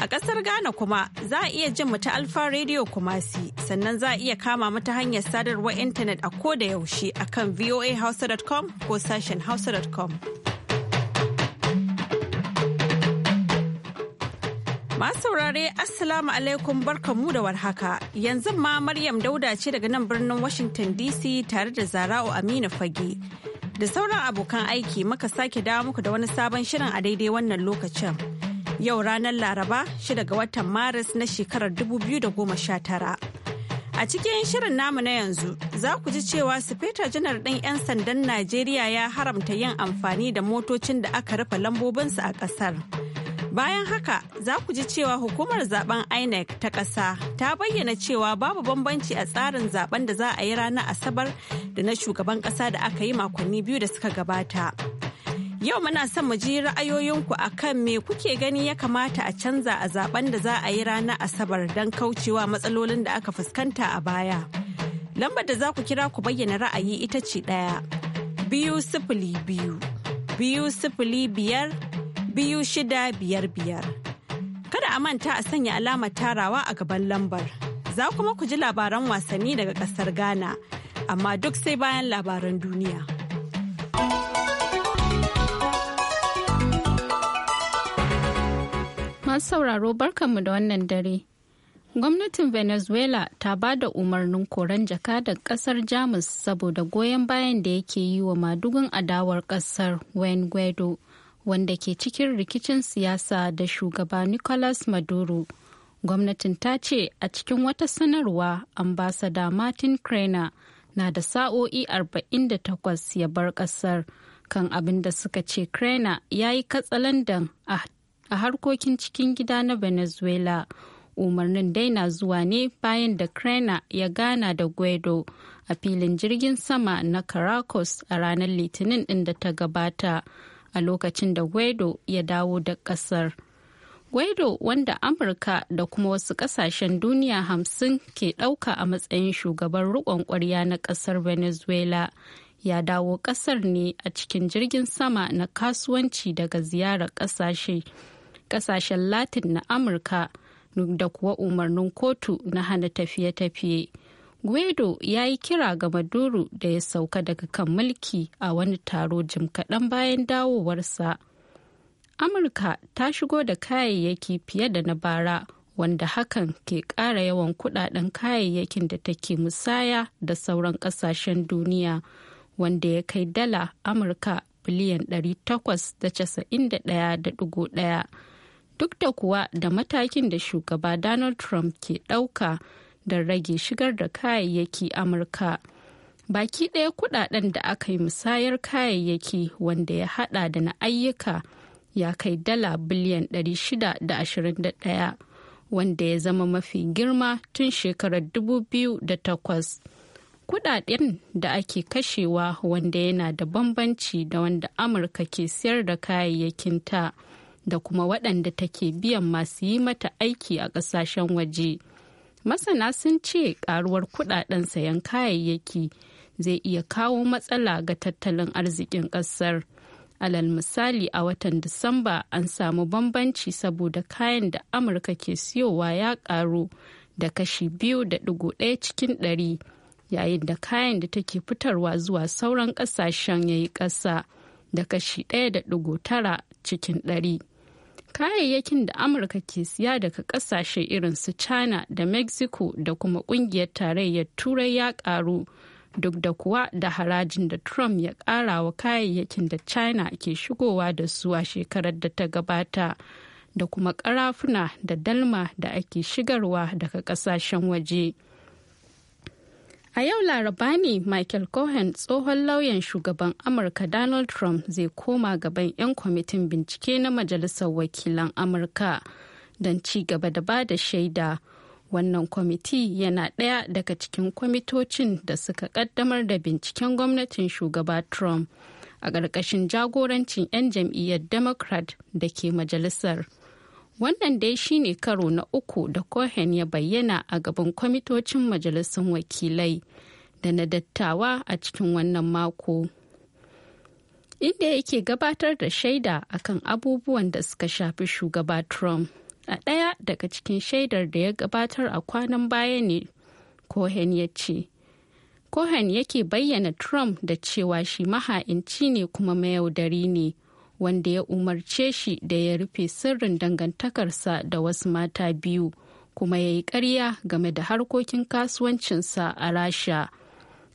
A ƙasar Ghana kuma za a iya jin mu ta Alfa Radio Kumasi sannan za a iya kama mata hanyar sadarwar intanet a ko da yaushe a kan voahausa.com ko sashen hausa.com. Masu saurare Assalamu alaikum barkamu da warhaka yanzu ma Maryam Dauda ce daga nan birnin Washington DC tare da Zara'u Aminu Fage. Da sauran abokan aiki muka sake dawo muku da wani sabon shirin a daidai wannan lokacin. yau ranar Laraba 6 ga watan Maris na shekarar 2019. A cikin shirin namu na yanzu za ku ji cewa sifeta janar ɗin 'yan sandan Najeriya ya haramta yin amfani da motocin da aka rufe lambobinsu a ƙasar. Bayan haka za ku ji cewa hukumar zaben INEC ta ƙasa ta bayyana cewa babu bambanci a tsarin zaben da za a yi ranar Asabar da na shugaban ƙasa da aka yi makonni biyu da suka gabata. Yau muna son mu ji ra'ayoyinku a kan me kuke gani ya kamata a canza a zaben da za a yi ranar Asabar don kaucewa matsalolin da aka fuskanta a baya. Lambar da za ku kira ku bayyana ra'ayi ita ce ɗaya. Biyu sifili biyu, biyu sifili biyar, biyu shida biyar biyar. Kada a manta a sanya alamar tarawa a gaban lambar. Za kuma ku ji labaran wasanni daga ƙasar Ghana, amma duk sai bayan labaran duniya. Masu sauraro barkanmu da wannan dare. Gwamnatin Venezuela ta ba da umarnin koren jaka da kasar Jamus saboda goyon bayan da yake yi wa madugun adawar kasar Wayne Guaido wanda ke cikin rikicin siyasa da shugaba Nicolas Maduro. Gwamnatin ta ce a cikin wata sanarwa ambasada Martin krena na da sa'o'i 48 ya bar kasar kan abin da suka ce krena ya yi katsalandan a a harkokin cikin gida na venezuela umarnin dai na zuwa ne bayan da krena ya gana da guaido a filin jirgin sama na caracas a ranar litinin din da ta gabata a lokacin da guaido ya dawo da kasar guaido wanda amurka da kuma wasu kasashen duniya hamsin ke ɗauka a matsayin shugaban riƙon ƙwarya na ƙasar venezuela ya dawo ƙasar ne a cikin jirgin sama na kasuwanci daga ziyarar ƙasashe kasashen latin na amurka da kuwa umarnin kotu na hana tafiye-tafiye guaido ya yi kira ga maduro da ya sauka daga kan mulki a wani taro jim kaɗan bayan dawowarsa amurka ta shigo da kayayyaki fiye da na bara wanda hakan ke ƙara yawan kudaden kayayyakin da take musaya da sauran ƙasashen duniya wanda ya kai dala amurka biliyan 891.1 duk da kuwa da matakin da shugaba donald trump ke ɗauka da rage shigar da kayayyaki amurka baki ɗaya kudaden da aka yi musayar kayayyaki wanda ya hada da na ayyuka ya kai dala biliyan 621 wanda ya zama mafi girma tun shekarar 2008 kudaden da ake kashewa wanda yana da bambanci da wanda amurka ke siyar da kayayyakinta ta da kuma waɗanda take biyan masu yi mata aiki a ƙasashen waje. Masana sun ce ƙaruwar kuɗaɗen sayan kayayyaki zai iya kawo matsala ga tattalin arzikin ƙasar. Alal misali a watan Disamba an samu bambanci saboda kayan da Amurka ke siyowa ya ƙaru da kashi biyu da ɗigo ɗaya cikin ɗari yayin da kayan da take fitarwa zuwa sauran ƙasashen ya yi ƙasa da kashi ɗaya da ɗigo tara cikin ɗari. kayayyakin da amurka ke siya daga kasashe irin su china da mexico da kuma kungiyar tarayyar turai ya karu duk da kuwa da harajin da trump ya kara wa kayayyakin da china ke shigowa da su a shekarar da ta gabata da kuma karafuna da dalma da ake shigarwa daga kasashen waje. A yau laraba ne Michael Cohen tsohon lauyan shugaban Amurka Donald Trump zai koma gaban 'yan kwamitin bincike na Majalisar Wakilan Amurka don ci gaba da ba da shaida. Wannan kwamiti yana ɗaya daga cikin kwamitocin da suka ƙaddamar da binciken gwamnatin shugaba Trump a ƙarƙashin jagorancin 'yan jam'iyyar Democrat da ke majalisar. Wannan dai shine karo na uku da Cohen ya bayyana a gaban kwamitocin majalisun wakilai da na dattawa a cikin wannan mako. Inda yake gabatar da shaida akan abubuwan da suka shafi shugaba Trump. A ɗaya daga cikin shaidar da ya gabatar a kwanan baya ne, Cohen ya ce. Cohen yake bayyana Trump da cewa shi maha'inci ne kuma mayaudari ne. wanda ya umarce shi da ya rufe sirrin dangantakarsa da wasu mata biyu kuma ya yi ƙarya game da harkokin kasuwancinsa a rasha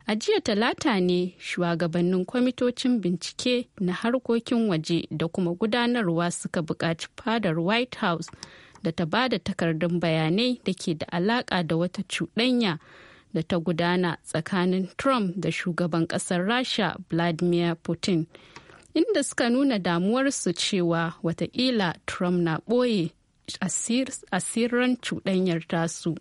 a jiya talata ne shugabannin kwamitocin bincike na harkokin waje da kuma gudanarwa suka buƙaci fadar white house da ta ba da takardun bayanai da ke da alaƙa da wata cuɗanya da ta gudana tsakanin trump da shugaban ƙasar rasha vladimir putin inda suka nuna damuwarsu cewa watakila Trump na ɓoye asirin cuɗanyar tasu.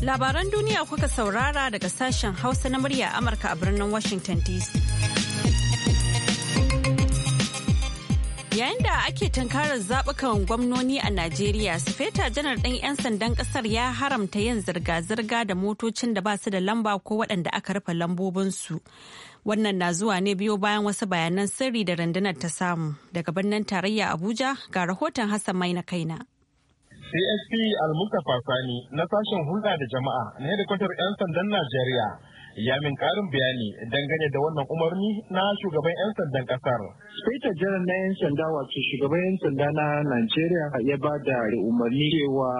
Labaran duniya kuka saurara daga sashen Hausa na murya Amurka a birnin Washington DC. Yayin da ake tankarar zaɓukan gwamnoni a Najeriya, Sufeta janar ɗan 'yan sandan ƙasar ya haramta yin zirga-zirga da motocin da ba su da lamba ko waɗanda aka rufe lambobinsu. Wannan na zuwa ne biyo bayan wasu bayanan sirri da rundunar ta samu. Daga birnin tarayya Abuja ga rahoton Hassan Mai na kaina. CSP Almuka Fasani na sashen hulɗa da jama'a na kwatar 'yan sandan Najeriya ya min karin bayani dangane da wannan umarni na shugaban 'yan sandan kasar. Speta jiran na 'yan sanda wato shugaban 'yan sanda na Najeriya ya ba da umarni cewa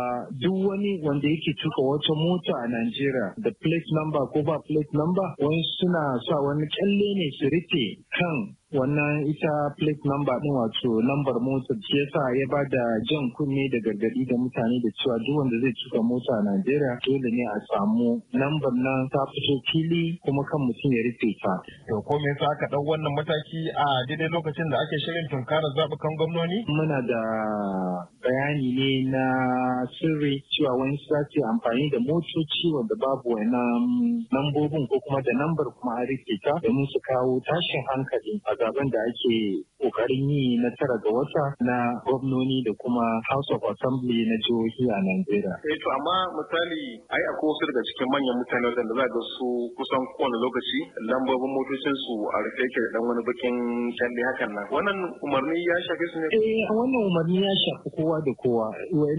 duk wani wanda yake tuka wata mota a Najeriya da plate number ko ba plate number wani suna sa wani kyalle ne su rufe kan wannan ita plate number din wato lambar motar shi yasa ya ba da jan kunne da gargadi da mutane da cewa duk wanda zai tuka mota a Najeriya dole ne a samu lambar nan ta fito fili kuma kan mutum ya rufe ta. To ko me yasa aka dau wannan mataki a daidai lokacin da ake shirin tunkarar zabukan gwamnoni? Muna da bayani ne na sirri cewa wani ke amfani da motoci wanda babu wannan lambobin ko kuma da lambar kuma a rufe ta domin su kawo tashin hankali a 咱们在一起。kokarin yi na tara ga wata na gwamnoni da kuma House of Assembly na jihohi a Najeriya. Eh to amma misali ai akwai wasu daga cikin manyan mutane da za ga su kusan kowane lokaci lambobin motocin su a rufe ke dan wani bakin kyalle hakan nan. Wannan umarni ya shafi su ne? Eh wannan umarni ya shafi kowa da kowa.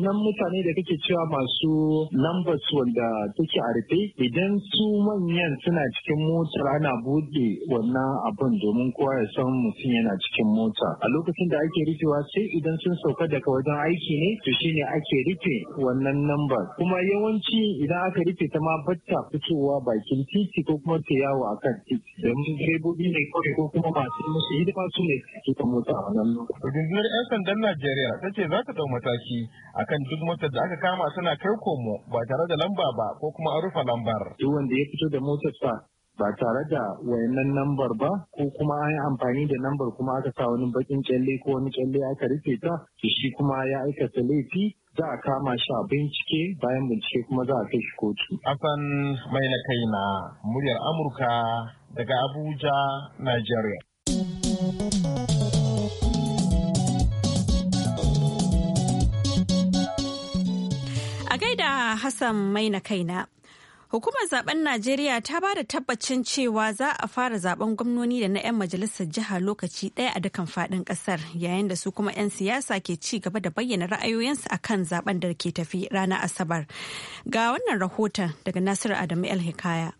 n'an mutane da kake cewa masu lambar wanda take a rufe idan su manyan suna cikin motar ana buɗe wannan abin domin kowa ya san mutum yana cikin mota a lokacin da ake rufewa sai idan sun sauka daga wajen aiki ne to shine ake rufe wannan lambar kuma yawanci idan aka rufe ta ma batta fitowa bakin titi ko kuma ta yawo a kan titi don direbobi ne kawai ko kuma masu musu hidima su ne ta mota a wannan lokacin. Rundunar 'yan sandan Najeriya ta ce za ta ɗau mataki akan duk motar da aka kama suna kai komo ba tare da lamba ba ko kuma an rufe lambar. Duk wanda ya fito da motar sa ba tare da wayannan nambar ba ko kuma an yi amfani da nambar kuma aka sa wani bakin kyalle ko wani kyalle aka rufe ta to shi kuma ya aikata laifi za a kama shi a bincike bayan bincike kuma za a kai shi kotu. Hassan mai na kai na muryar Amurka daga Abuja, Nigeria. A gaida Hassan mai na kaina. Hukumar zaben Najeriya ta ba da tabbacin cewa za a fara zaben gwamnoni da na 'yan majalisar jiha lokaci ɗaya a dukan faɗin ƙasar yayin da su kuma 'yan siyasa ke ci gaba da bayyana ra'ayoyinsu a kan zaben da ke tafi ranar Asabar. Ga wannan rahoton daga Nasiru Adamu El Hikaya.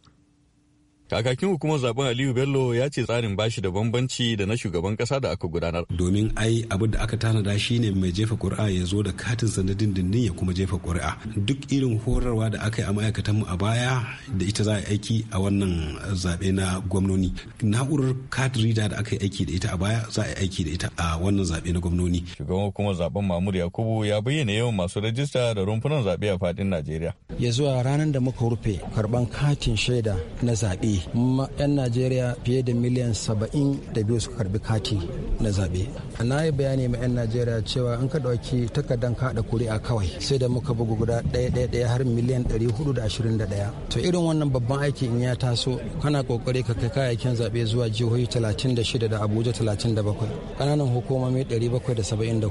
Kakakin hukumar zaben Aliyu Bello ya ce tsarin bashi da bambanci da na shugaban kasa da aka gudanar. Domin ai abin da aka tanada shi ne mai jefa ƙuri'a ya zo da katin sanadin dindindin ya kuma jefa ƙuri'a. Duk irin horarwa da aka yi a ma'aikatanmu a baya da ita za a aiki a wannan zaɓe na gwamnoni. Na'urar card da aka yi aiki da ita a baya za a yi aiki da ita a wannan zaɓe na gwamnoni. Shugaban hukumar zaben Mahmud Yakubu ya bayyana yawan masu rajista da rumfunan zaɓe a faɗin Najeriya. Ya zuwa ranar da muka rufe karɓan katin shaida na zaɓe 'yan najeriya fiye da miliyan 72 suka karbi kati na zaɓe na yi bayani ma 'yan najeriya cewa an ka ɗauki takardar kaɗa kuri'a kawai sai da muka bugu guda ɗaya ɗaya ɗaya har miliyan 421 to irin wannan babban aiki in ya taso kana kokari ka kai kayayyakin zaɓe zuwa jihohi 36 da abuja 37 ƙananan hukumomi 774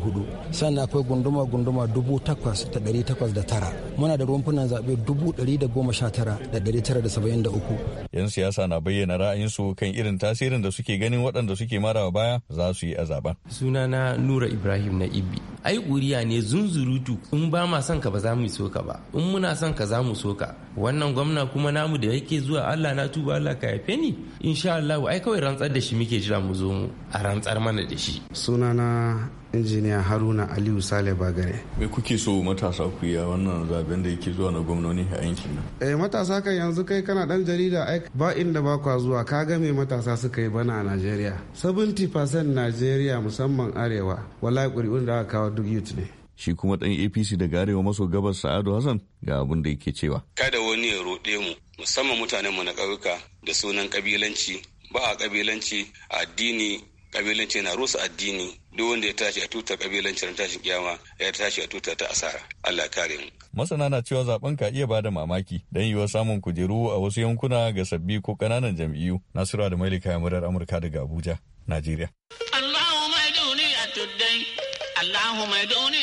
sannan akwai gunduma gunduma 8,809 muna da rumfunan zaɓe 119,973 siyasa na bayyana ra'ayinsu kan irin tasirin da suke ganin waɗanda suke marawa baya za su yi a zaben. Sunana Nura Ibrahim na Ibi. Ai ƙuriya ne zunzurutu in ba ma son ka ba za mu so ka ba in muna son ka za mu so ka wannan gwamna kuma namu da yake zuwa Allah na tuba Allah ka haife ni insha Allah ai kawai rantsar da shi muke jira mu zo mu a rantsar mana da shi. Sunana injiniya haruna aliyu sale bagare me kuke so matasa ku yi a wannan zaben da yake zuwa na gwamnoni a yankin nan eh matasa kan yanzu kai kana dan jarida ai ba inda ba kwa zuwa ka ga me matasa suka yi bana a najeriya 70% najeriya musamman arewa wallahi ƙuri'un da aka kawo duk youth ne shi kuma dan apc da arewa maso gabas sa'adu hassan ga abin da yake cewa kada wani ya roɗe mu musamman mutanenmu na ƙauyuka da sunan ƙabilanci ba a ƙabilanci addini kabilanci na rusa addini duk wanda ya tashi a tutar na tashin kiyama ya tashi a tutar ta asara Allah kare mu masana na cewa zaben ka iya bada mamaki dan yiwa samun kujeru a wasu yankuna ga sabbi ko kananan jam'iyyu nasira da mailika ya murar amurka daga abuja najeriya Allahumma duniya tuddai Allahumma duniya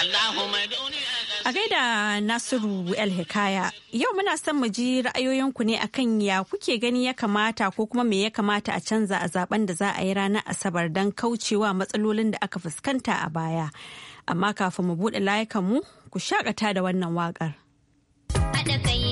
Allahumma duniya A gaida Nasiru El Hikaya, yau muna son mu ji ra'ayoyinku ne akan ya kuke gani ya kamata ko kuma me ya kamata a canza a zaben da za a yi ranar Asabar don kaucewa matsalolin da aka fuskanta a baya. Amma kafin mu buɗe layukanmu, ku shakata da wannan waƙar. Haɗa kai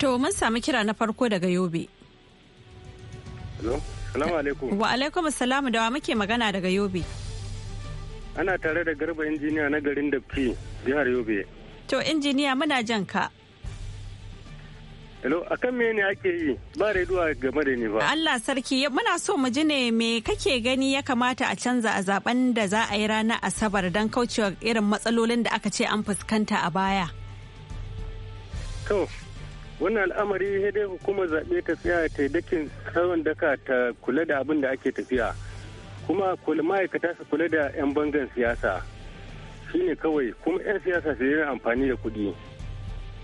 To mun sami kira na farko daga Yobe. Salamu alaikum. Wa alaikum salamu da wa muke magana daga Yobe. Ana tare da garba injiniya na garin da fi jihar Yobe. To injiniya muna jan ka. Hello, a kan mene ake yi? Ba yi game da ni ba. Allah sarki, muna so mu ji ne me kake gani ya kamata a canza a zaben da za a yi ranar Asabar don kaucewa irin matsalolin da aka ce an fuskanta a baya. To, wannan al'amari sai dai hukumar zaɓe ta tsaya ta dakin tsawon daka ta kula da abin da ake tafiya kuma ma'aikata su kula da 'yan bangan siyasa shine kawai kuma 'yan siyasa su yi amfani da kuɗi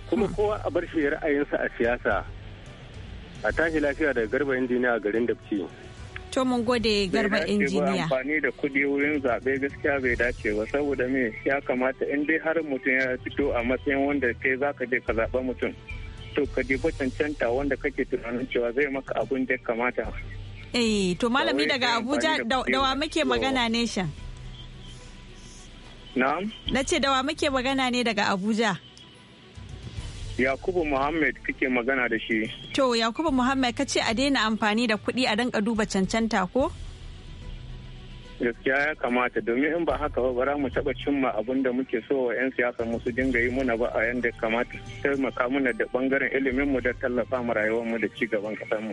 kuma hmm. kowa a bar shi ra'ayinsa a siyasa a tashi lafiya daga garba injiniya a garin dabci to mun gode garba injiniya amfani da kudi wurin zaɓe gaskiya bai dace ba saboda me ya kamata in dai har mutum ya fito a matsayin wanda kai zaka je ka zaɓa mutum to ka dibi cancanta wanda kake tunanin cewa zai maka abun da kamata eh to malami daga abuja dawa muke magana ne sha. na'am na ce dawa muke magana ne daga abuja Yakubu Muhammad kike magana da shi. To Yakubu Muhammad ka ce a daina amfani da kuɗi a danka duba cancanta ko? gaskiya ya kamata domin in ba haka ba bara mu taba cimma abin da muke so wa 'yan siyasa musu dinga yi muna ba a yanda kamata taimaka muna da bangaren ilimin mu da tallafa mu rayuwar mu da ci gaban kasar mu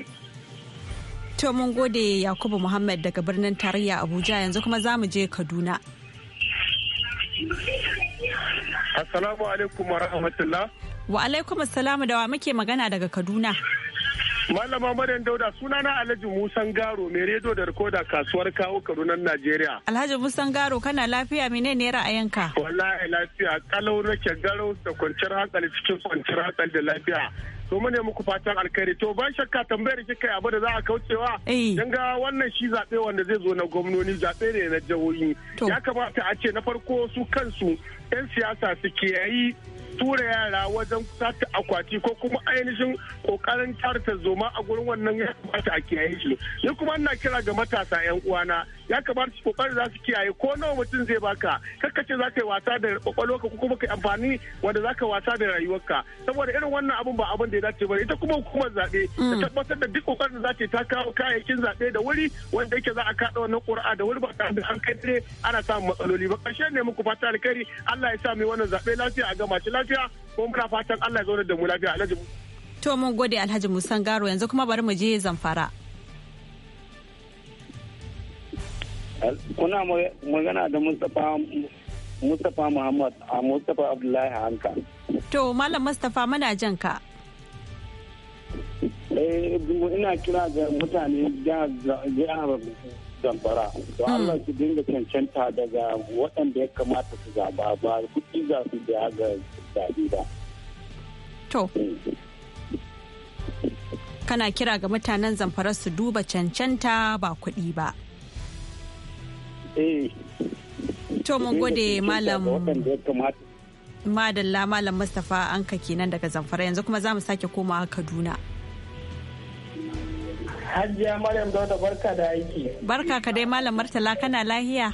to mun gode yakubu muhammad daga birnin tarayya abuja yanzu kuma za mu je kaduna assalamu alaikum wa rahmatullah wa alaikum assalamu da wa muke magana daga kaduna Malama Maryam Dauda sunana Alhaji Musan Garo mai rediyo da rikoda kasuwar kawo Kaduna Najeriya. Alhaji Musan Garo kana lafiya menene ra'ayinka? Wallahi lafiya kalau nake garo da kwanciyar hankali cikin kwanciyar hankali da lafiya. to mu ne muku fatan alkhairi to ban shakka tambayar ki kai abu da za a kaucewa eh. dan ga wannan shi zabe wanda zai zo na gwamnoni zabe ne na jihohi ya kamata a ce na farko su kansu yan siyasa su kiyayi tura yara wajen sata akwati ko kuma ainihin kokarin tarta zoma a gurin wannan ya kamata a kiyaye shi ni kuma ina kira ga matasa yan uwana ya kamata su kokarin za su kiyaye ko nawa mutum zai baka kakka ce za ka yi wasa da kwakwalwarka ko kuma ka amfani wanda za ka wasa da rayuwarka saboda irin wannan abun ba abun da ya dace ba ita kuma hukumar zaɓe ta mm. tabbatar da duk kokarin za ta kawo kayayyakin zaɓe da wuri wanda yake za a kaɗa wannan ƙura'a da wuri ba tare da an kai ana samun matsaloli ba ƙarshen ne muku fata alkhairi Allah ya sa mai wannan zaɓe lafiya a gama shi lafiya lafiya ko muna fatan Allah ya zauna da mu lafiya Alhaji To mun gode Alhaji Musan Garo yanzu kuma bari mu je Zamfara. Kuna magana da Mustapha Mustapha Muhammad a Mustapha Abdullahi Hanka. To Malam Mustapha muna jan ka. Eh ina kira ga mutane jihar zambara to hmm. Allah su dinga cancanta daga waɗanda ya kamata su zaba ba kuɗi za su biya ga daɗi ba. To. Kana kira ga mutanen zamfara su duba cancanta ba kuɗi ba. Eh. To mun gode malam. Madalla malam Mustapha an ka kenan daga zamfara yanzu kuma za mu sake komawa Kaduna. Hajiya Maryam Dauda barka da aiki. Barka ka dai Malam Murtala kana lahiya?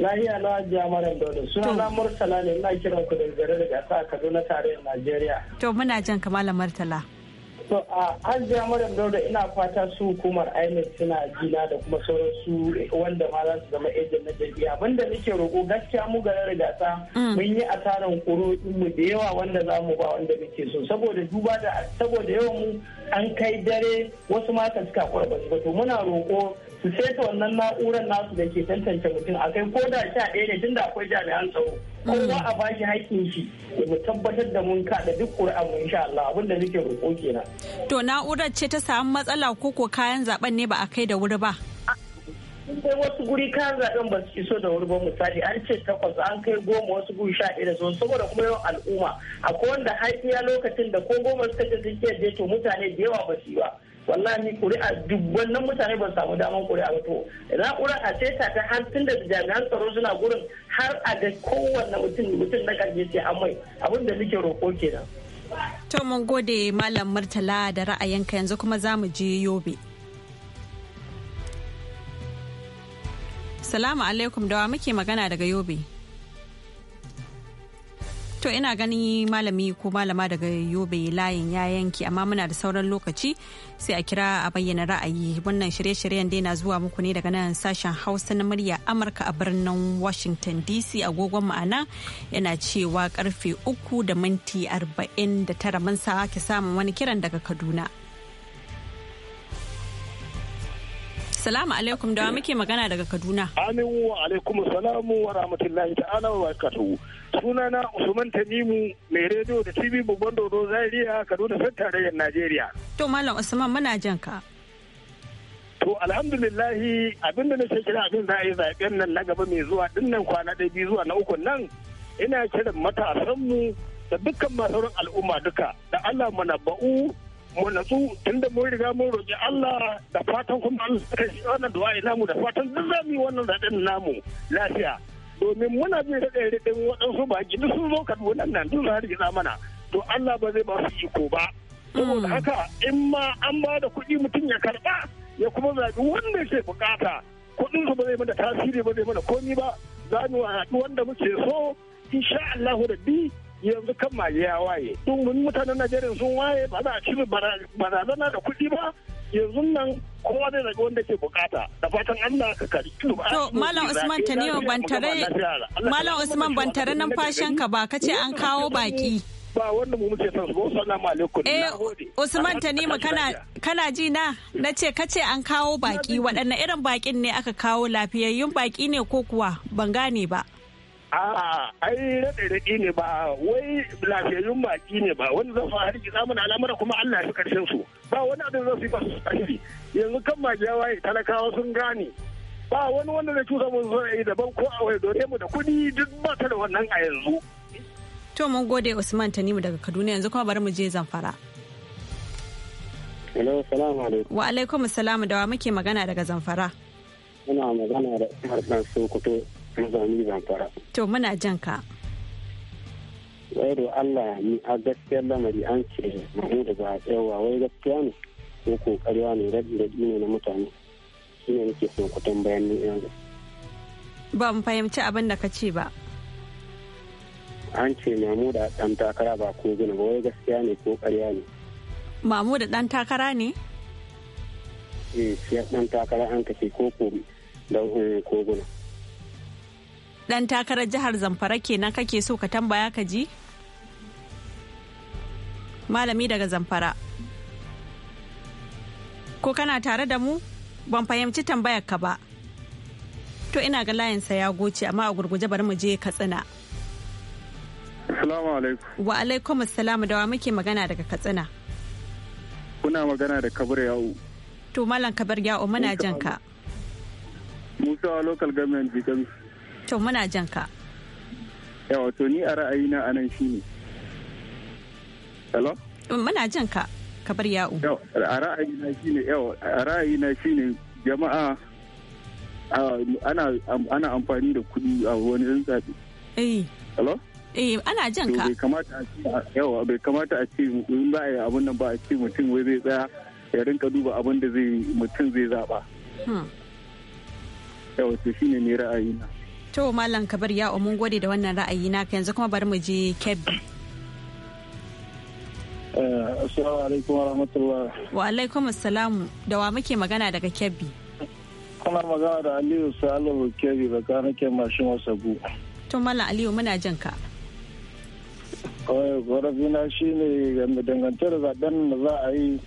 Lahiya na Hajiya Maryam Dauda. Suna na Murtala ne ina kiran ku daga gasa daga sa Kaduna tarayyar Najeriya. To muna jan ka Malam Murtala. so a Hajiya Maryam Dauda ina fata su hukumar INEC suna jina da kuma sauransu su eh, wanda ma za su zama ejen na jam'iyya. da nake roƙo gaskiya mu garin rigasa mm. mun yi asarar kuroɗin mu da yawa wanda za mu ba wanda muke so saboda duba da saboda yawan mu an kai dare wasu mata suka kwarba su to muna roƙo su saita wannan na'urar nasu da ke tantance mutum a kai ko da sha ɗaya ne tunda akwai jami'an tsaro. kowa mm. a bashi haƙƙin shi mu tabbatar da mun kaɗa duk ƙuri'a mu insha Allah abin da muke roƙo kenan to na'urar ce ta samu matsala ko ko kayan zaben ne ba a kai da wuri ba sai wasu guri kayan zaben ba su iso da wuri ba misali an ce takwas an kai goma wasu guri sha ɗaya da sauran saboda kuma yawan al'umma akwai wanda har lokacin da ko goma suka ce sun je to mutane da yawa ba su yi ba wallahi duk wannan mutane ban samu damar kuri'a ba to na'ura a ce ta ta har tun da jami'an tsaro suna gurin har a ga kowanne mutum mutum na ƙarshe sai amai mai abin da muke roƙo kenan. To mun gode Malam Murtala da ra'ayinka yanzu kuma za mu je Yobe. Salamu alaikum dawa muke magana daga Yobe. To ina gani malami ko malama daga yobe layin ya yanki amma muna da sauran lokaci sai a kira a bayyana ra'ayi wannan shirye-shiryen dai na zuwa muku ne daga nan sashen hausa na murya amurka a birnin washington dc agogon ma'ana yana cewa karfe uku da minti arba'in da tara mun sa samun wani kiran daga kaduna. Salamu alaikum da muke magana daga Kaduna. Aminu wa alaikum salamu wa rahmatullahi ta'ala wa barakatuhu. Sunana Usman Tanimu mai rediyo da TV babban dodo Zaria Kaduna sun tarayyar Najeriya. To Malam Usman muna jan ka. To alhamdulillahi abinda na kira abin za a yi zaben nan na gaba mai zuwa dinnan kwana ɗaya biyu zuwa na uku nan ina kiran matasanmu da dukkan masauran al'umma duka da Allah mana ba'u mu natsu tunda mun riga mun roƙi Allah da fatan kuma Allah ka shi wannan du'a namu da fatan duk mu yi wannan raɗin namu lafiya domin muna jin raɗin raɗin waɗansu ba duk sun zo Kaduna nan duk za rigina mana to Allah ba zai ba su iko ba saboda mm. haka in ma an ba da kuɗi mutum ya karɓa ya kuma zaɓi wanda yake buƙata? kuɗin su ba zai mana tasiri ba zai mana komi ba za mu haɗu wanda muke so insha Allah da bi yanzu kan mage ya waye dumin mutanen najeriya sun waye ba za a ci barazana da kuɗi ba yanzu nan kowa zai zaga wanda ke bukata da fatan Allah ka kari to malam Usman ta niyo bantare malam Usman bantare numfashin ka ba kace an kawo baki ba wanda mu muke san su ba assalamu alaikum eh Usman Tanimu kana kana ji na nace kace an kawo baki waɗanne irin bakin ne aka kawo lafiyayyun baki ne ko kuwa ban gane ba A'a, ai raɗe-raɗe ne ba, wai lafiyayyun baƙi ne ba, wani zan fara harki zamun al'amura kuma Allah ya ƙarshen su. Ba wani abin zafi ba su tsahiri. Yanzu kan magiya waye talakawa sun gane. Ba wani wanda zai cusa mun yi daban ko a dore mu da kuɗi duk ba ta da wannan a yanzu. To mun gode Usman Tanimu daga Kaduna yanzu kuma bari mu je Zamfara. Hello, salamu alaikum. Wa alaikum salamu da wa muke magana daga Zamfara. Ina magana da Umar Dan Sokoto. mazauni zamfara. To muna jan ka. Wairo Allah ni a gaskiyar lamari an ce mu da ba tsayawa wai gaskiya ne ko kokariwa ne rabi da ne na mutane shi ne nake son kutan bayan ni yanzu. Ba mu fahimci abin da ka ce ba. An ce mamu da ɗan takara ba ko gina ba wai gaskiya ne ko ƙarya ne. Mamu da ɗan takara ne? Eh, shi ɗan takara an kashe ko ko eh, guna. dan takarar jihar zamfara kenan kake so ka tambaya ka ji malami daga zamfara ko kana tare da mu ban fahimci tambayar ka ba to ina ga layinsa ya goce amma a gurguje bari mu je katsina Assalamu alaikum. Wa alaikum assalamu da wa muke magana daga Katsina. Kuna magana da Kabir Yawo. To Malam Kabir Yawo muna jan ka. Musa local government Jikansu. to muna jan ka yawa to ni a ra'ayina a nan ne. hello muna jan ka ka bar ya'u a ra'ayina shine yawa a jama'a ana amfani da kuɗi a wani yan zaɓe eh hello eh ana jan ka bai kamata a ce yawa bai kamata a ce in ba a yi abin nan ba a ce mutum wai zai tsaya ya rinka duba abin da zai mutum zai zaɓa hmm. yawa to shine ne ra'ayina To Malam Kabir ya mun gode da wannan ra'ayi naka yanzu kuma bari mu je Kebbi. Eh, assalamu alaikum wa rahmatullah. Wa alaikum assalam da wa muke magana daga Kebbi. Kuna magana da Aliyu Salihu Kebbi da kanakin mashin wasagu. To Malam Aliyu muna jin ka. na shi ne dangantar zaben da za a yi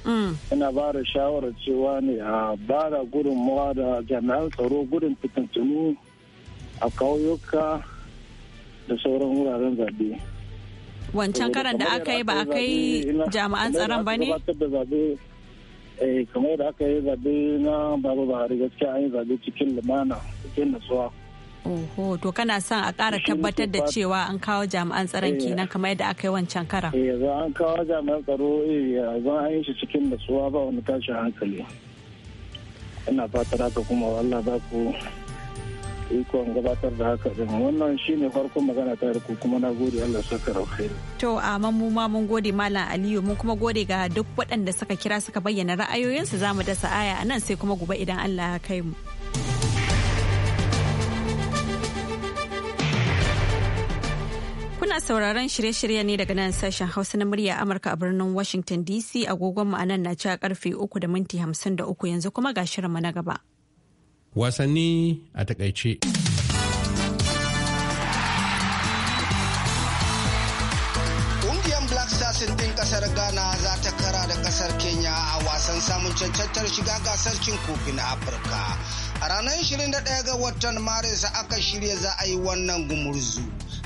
yana mm. ba da shawarar cewa ne a ba da gudunmawa da jami'an tsaro gudun fitintunu a kauyuka da sauran wuraren zaɓe. wancan karan da aka yi ba a kai jami'an tsaron ba ne? kamar da aka yi zaɓe na eh, babu bahari gaskiya an yi zaɓe cikin lumana cikin nasuwa Oho, to kana son a ƙara tabbatar da cewa an kawo jami'an tsaron eh. kenan kamar yadda aka yi wancan kara. Eh, yanzu an kawo jami'an tsaro eh yanzu an yi shi cikin nasuwa ba wani tashin hankali. Ina fatar haka kuma Allah za ku ikon gabatar da haka din wannan shine farkon magana ta ku kuma na gode Allah saka alkhairi to aman mu ma gode malam Aliyu mun kuma gode ga duk waɗanda suka kira suka bayyana ra'ayoyinsu zamu dasa aya a nan sai kuma gobe idan Allah ya kai mu Kuna sauraron shirye-shirye ne daga nan sashen Hausa na murya Amurka a birnin Washington DC agogon mu na ci a karfe 3 da minti 53 yanzu kuma ga shirinmu na gaba. wasanni a takaice. Stars ɗin ƙasar Ghana za ta kara da ƙasar Kenya a wasan samun cancantar shiga gasar cin kofi na Afirka. A ranar 21 ga watan Maris aka shirya za a yi wannan gumurzu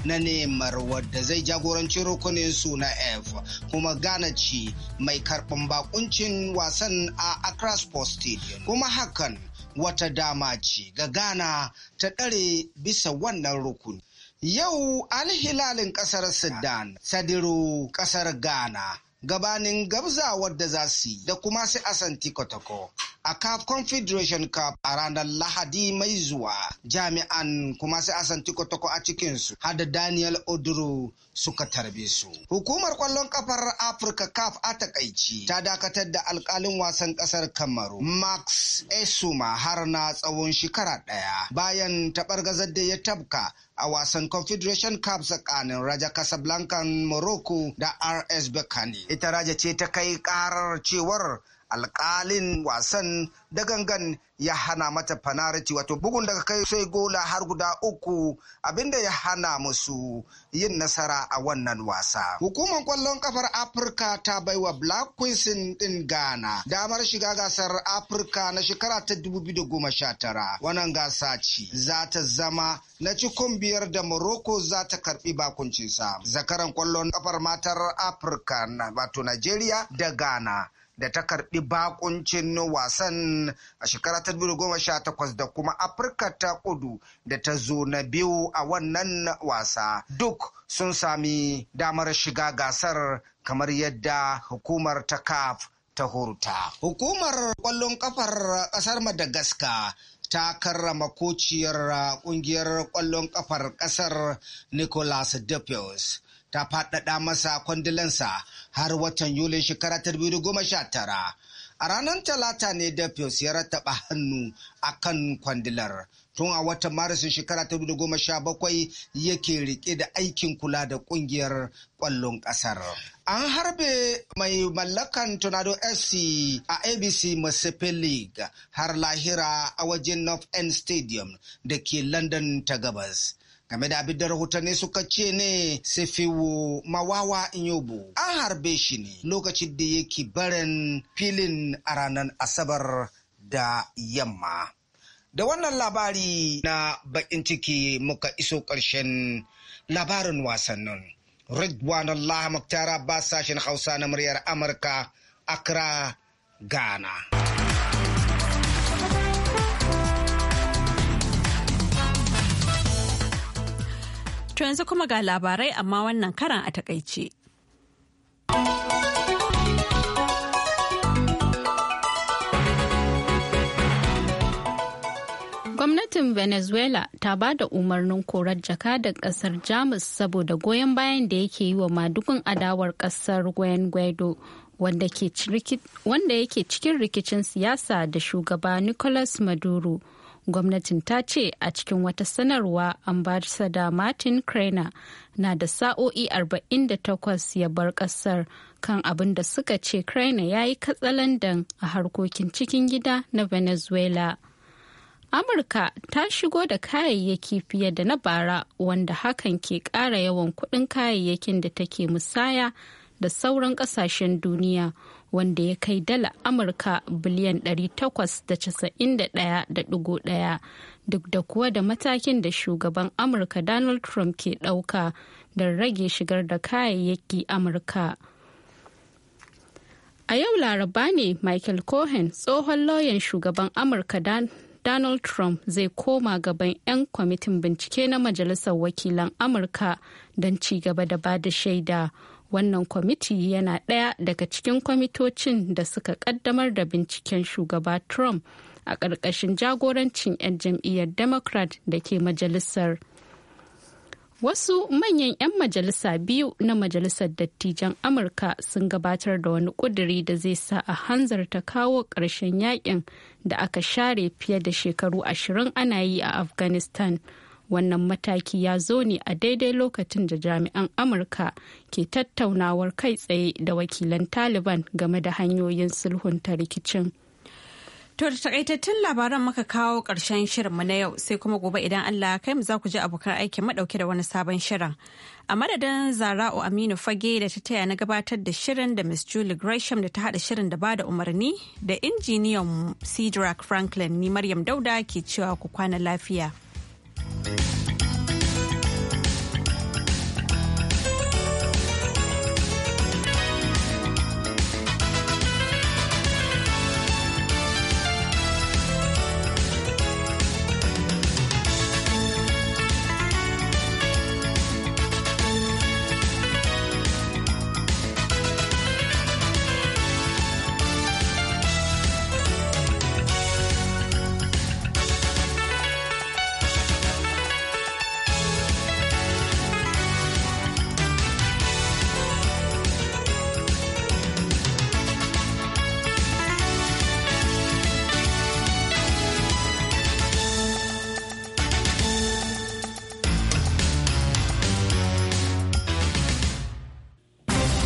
na Neymar wadda zai jagoranci rukunin suna F kuma Ghana ce mai karɓin bakuncin wasan a Accra Sports Stadium. Kuma hakan wata dama ce ga Ghana ta ɗare bisa wannan rukuni. Yau alhilalin ƙasar Sudan, Sadiro ƙasar Ghana gabanin gabzawar da za su yi da kuma su asanti kotoko a cup confederation cup a ranar lahadi mai zuwa jami'an kuma sai asanti kotoko a cikinsu hada daniel oduro suka tarbe su hukumar kwallon kafar afirka cup a takaici ta dakatar da alkalin wasan kasar kamaru max esuma har na tsawon shekara daya bayan gazar da ya tabka a wasan confederation cup tsakanin raja casablanca morocco da rs berkane ita raja ce ta kai karar cewar Alƙalin wasan da gangan ya hana mata fanariti wato bugun daga kai sai gola har guda uku abinda ya hana musu yin nasara a wannan wasa. Hukumar kwallon kafar Afirka ta baiwa Black Queens din Ghana damar shiga gasar Afirka na shekara ta 2019. Wannan gasa ce za ta zama na cikon biyar da Morocco za ta karbi bakuncinsa. Zakaran kwallon kafar matar Afirka wato Najeriya da Ghana da ta karbi bakuncin wasan a shekara ta 2018 da kuma afirka ta kudu da ta zo na biyu a wannan wasa duk sun sami damar shiga gasar kamar yadda hukumar ta caf ta hurta hukumar kwallon kafar kasar madagascar ta karrama kociyar kungiyar kwallon kafar kasar nicolas depeus ta faɗaɗa masa kwandilansa har watan Yulin shekara ta tara. A ranar Talata ne da Dafios ya rataɓa hannu a kan kwandilar. Tun a watan Marisun shekara ta goma sha bakwai yake riƙe da aikin kula da ƙungiyar ƙwallon ƙasar. An harbe mai mallakan Tornado FC a ABC Mississippi League har lahira a wajen North End Stadium da ke London ta gabas. game da abin da rahotanni suka ce ne sefiwo mawawa inyobo an harbe shi ne lokacin da yake barin filin a ranar asabar da yamma da wannan labari na bakin ciki muka iso ƙarshen labarin wasannin Ridwan Allah Muktara ba sashen Hausa na muryar Amurka, Accra, Ghana. To yanzu kuma ga labarai amma wannan karan a takaice. Gwamnatin Venezuela ta ba da umarnin korar jaka da kasar Jamus saboda goyon bayan da yake yi wa madugun adawar kasar Gwen Guaido wanda yake cikin rikicin siyasa da shugaba Nicolas Maduro. gwamnatin ta ce a cikin wata sanarwa ambasada martin krainer na da sa'o'i 48 ya bar kasar kan abin da suka ce krainer ya yi katsalandan a harkokin cikin gida na venezuela amurka ta shigo da kayayyaki fiye da na bara wanda hakan ke kara yawan kudin kayayyakin da take musaya da sauran kasashen duniya. wanda ya kai dala amurka biliyan 891.1 duk da kuwa da matakin da shugaban amurka donald trump ke ɗauka don rage shigar da kayayyaki amurka a yau laraba ne michael cohen tsohon lauyan shugaban amurka Donald Trump zai koma gaban 'yan kwamitin bincike na Majalisar Wakilan Amurka don ci gaba da ba da shaida. wannan kwamiti yana ɗaya daga cikin kwamitocin da suka ƙaddamar da binciken shugaba trump a ƙarƙashin jagorancin 'yan jam'iyyar democrat da ke majalisar wasu manyan 'yan majalisa biyu na majalisar dattijan amurka sun gabatar da wani ƙuduri da zai sa a hanzarta kawo ƙarshen yakin da aka share fiye da shekaru ashirin ana yi a afghanistan wannan mataki ya zo ne a daidai lokacin da jami'an amurka ke tattaunawar kai tsaye da wakilan taliban game da hanyoyin sulhunta rikicin To da takaitattun labaran muka kawo ƙarshen shirinmu na yau sai kuma gobe idan Allah kai mu za ku ji abokan aikin madauke da wani sabon shirin. A madadin Zara'u Aminu Fage da ta taya na gabatar da shirin da Miss Julie Gresham da ta hada shirin da bada umarni da injiniyan Cedric Franklin ni Maryam Dauda ke cewa ku kwana lafiya. Bye.